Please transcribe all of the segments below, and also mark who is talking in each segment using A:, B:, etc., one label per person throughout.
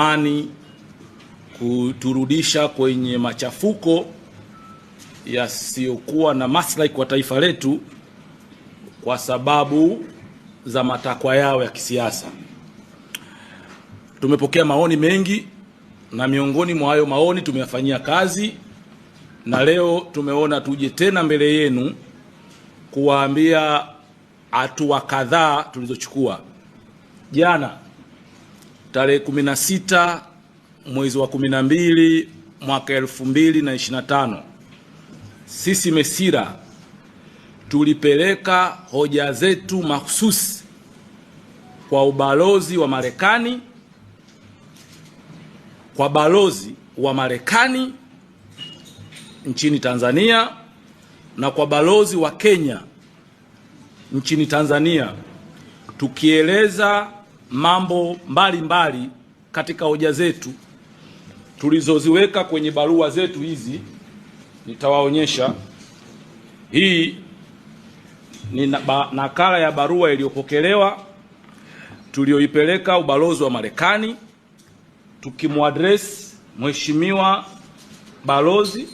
A: amani kuturudisha kwenye machafuko yasiyokuwa na maslahi kwa taifa letu kwa sababu za matakwa yao ya kisiasa. Tumepokea maoni mengi na miongoni mwa hayo maoni tumeyafanyia kazi na leo tumeona tuje tena mbele yenu kuwaambia hatua kadhaa tulizochukua jana tarehe 16 mwezi wa 12 mwaka 2025 sisi MECIRA tulipeleka hoja zetu mahususi kwa ubalozi wa Marekani, kwa balozi wa Marekani nchini Tanzania na kwa balozi wa Kenya nchini Tanzania tukieleza mambo mbalimbali mbali katika hoja zetu tulizoziweka kwenye barua zetu hizi, nitawaonyesha. Hii ni nakala ya barua iliyopokelewa tulioipeleka ubalozi wa Marekani tukimwadresi Mheshimiwa balozi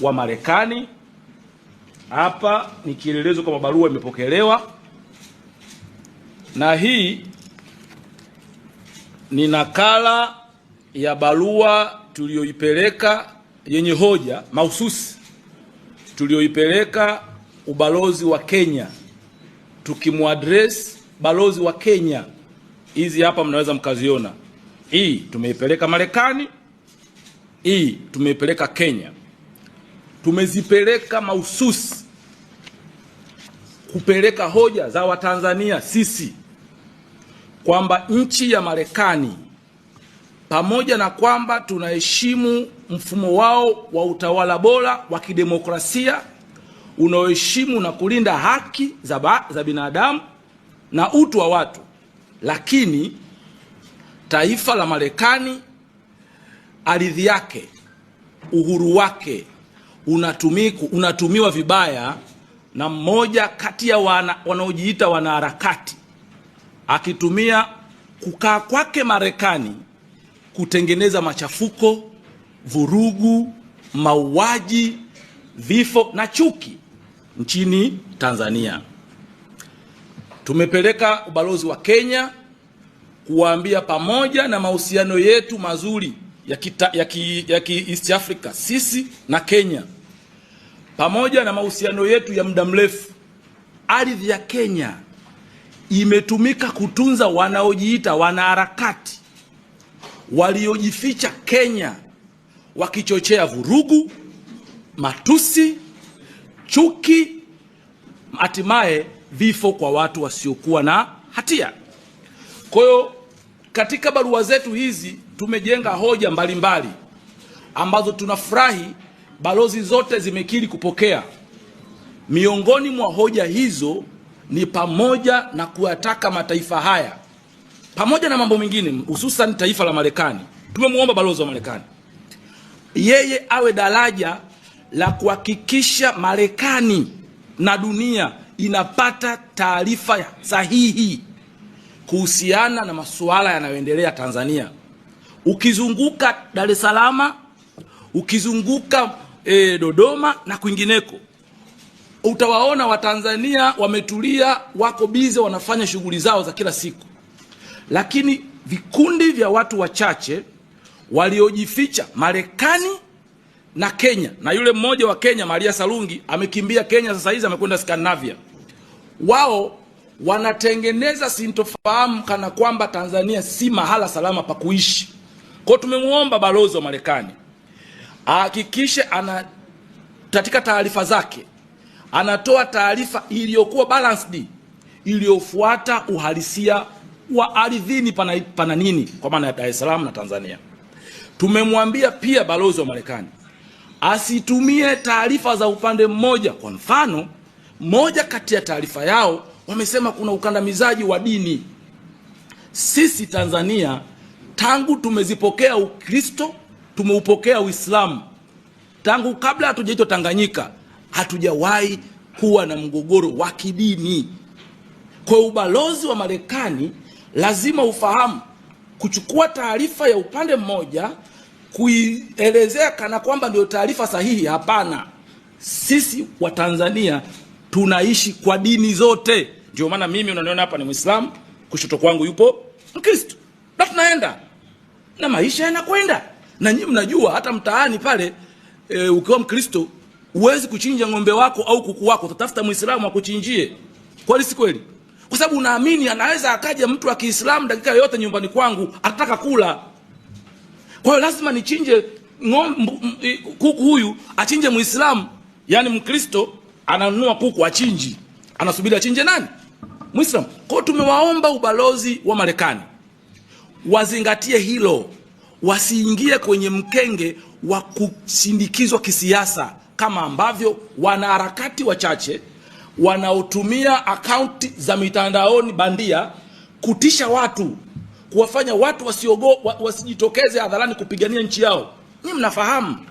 A: wa Marekani. Hapa ni kielelezo kwamba barua imepokelewa na hii ni nakala ya barua tuliyoipeleka yenye hoja mahususi tuliyoipeleka ubalozi wa Kenya tukimwadresi balozi wa Kenya. Hizi hapa mnaweza mkaziona, hii tumeipeleka Marekani, hii tumeipeleka Kenya. Tumezipeleka mahususi kupeleka hoja za Watanzania sisi kwamba nchi ya Marekani pamoja na kwamba tunaheshimu mfumo wao wa utawala bora wa kidemokrasia unaoheshimu na kulinda haki za, ba, za binadamu na utu wa watu, lakini taifa la Marekani, ardhi yake, uhuru wake unatumiku, unatumiwa vibaya na mmoja kati ya wana, wanaojiita wanaharakati akitumia kukaa kwake Marekani kutengeneza machafuko, vurugu, mauaji, vifo na chuki nchini Tanzania. Tumepeleka ubalozi wa Kenya kuwaambia, pamoja na mahusiano yetu mazuri ya kita, ya ki, ya ki East Africa sisi na Kenya, pamoja na mahusiano yetu ya muda mrefu, ardhi ya Kenya imetumika kutunza wanaojiita wanaharakati waliojificha Kenya wakichochea vurugu, matusi, chuki, hatimaye vifo kwa watu wasiokuwa na hatia. Kwa hiyo katika barua zetu hizi tumejenga hoja mbalimbali mbali, ambazo tunafurahi balozi zote zimekiri kupokea. Miongoni mwa hoja hizo ni pamoja na kuyataka mataifa haya pamoja na mambo mengine, hususan taifa la Marekani. Tumemwomba balozi wa Marekani yeye awe daraja la kuhakikisha Marekani na dunia inapata taarifa sahihi kuhusiana na masuala yanayoendelea Tanzania. Ukizunguka Dar es Salaam, ukizunguka e, Dodoma na kwingineko utawaona Watanzania wametulia, wako bize, wanafanya shughuli zao za kila siku, lakini vikundi vya watu wachache waliojificha Marekani na Kenya, na yule mmoja wa Kenya Maria Sarungi amekimbia Kenya, sasa hizi amekwenda Scandinavia. Wao wanatengeneza sintofahamu kana kwamba Tanzania si mahala salama pa kuishi. Kwa tumemwomba balozi wa Marekani ahakikishe ana katika taarifa zake anatoa taarifa iliyokuwa balanced, iliyofuata uhalisia wa ardhini pana, pana nini kwa maana ya Dar es Salaam na Tanzania. Tumemwambia pia balozi wa Marekani asitumie taarifa za upande mmoja. Kwa mfano, moja kati ya taarifa yao wamesema kuna ukandamizaji wa dini. Sisi Tanzania tangu tumezipokea Ukristo tumeupokea Uislamu tangu kabla hatujaitwa Tanganyika hatujawahi kuwa na mgogoro wa kidini. Kwa ubalozi wa Marekani lazima ufahamu kuchukua taarifa ya upande mmoja kuielezea kana kwamba ndio taarifa sahihi. Hapana, sisi wa tanzania tunaishi kwa dini zote. Ndio maana mimi unaniona hapa ni Mwislamu, kushoto kwangu yupo Mkristo, na tunaenda na maisha yanakwenda, na nyinyi mnajua hata mtaani pale e, ukiwa Mkristo Huwezi kuchinja ng'ombe wako au kuku wako, utatafuta Muislamu akuchinjie. Kweli si kweli? Kwa sababu unaamini anaweza akaja mtu wa Kiislamu dakika yoyote nyumbani kwangu atataka kula. Kwa hiyo lazima nichinje ng'ombe, kuku huyu achinje Muislamu. yani Mkristo ananunua kuku achinji. Anasubiri achinje nani? Muislamu. Kwa tumewaomba ubalozi wa Marekani wazingatie hilo, wasiingie kwenye mkenge wa kushindikizwa kisiasa kama ambavyo wanaharakati wachache wanaotumia akaunti za mitandaoni bandia kutisha watu, kuwafanya watu wasiogo, wasijitokeze hadharani kupigania nchi yao. Ni mnafahamu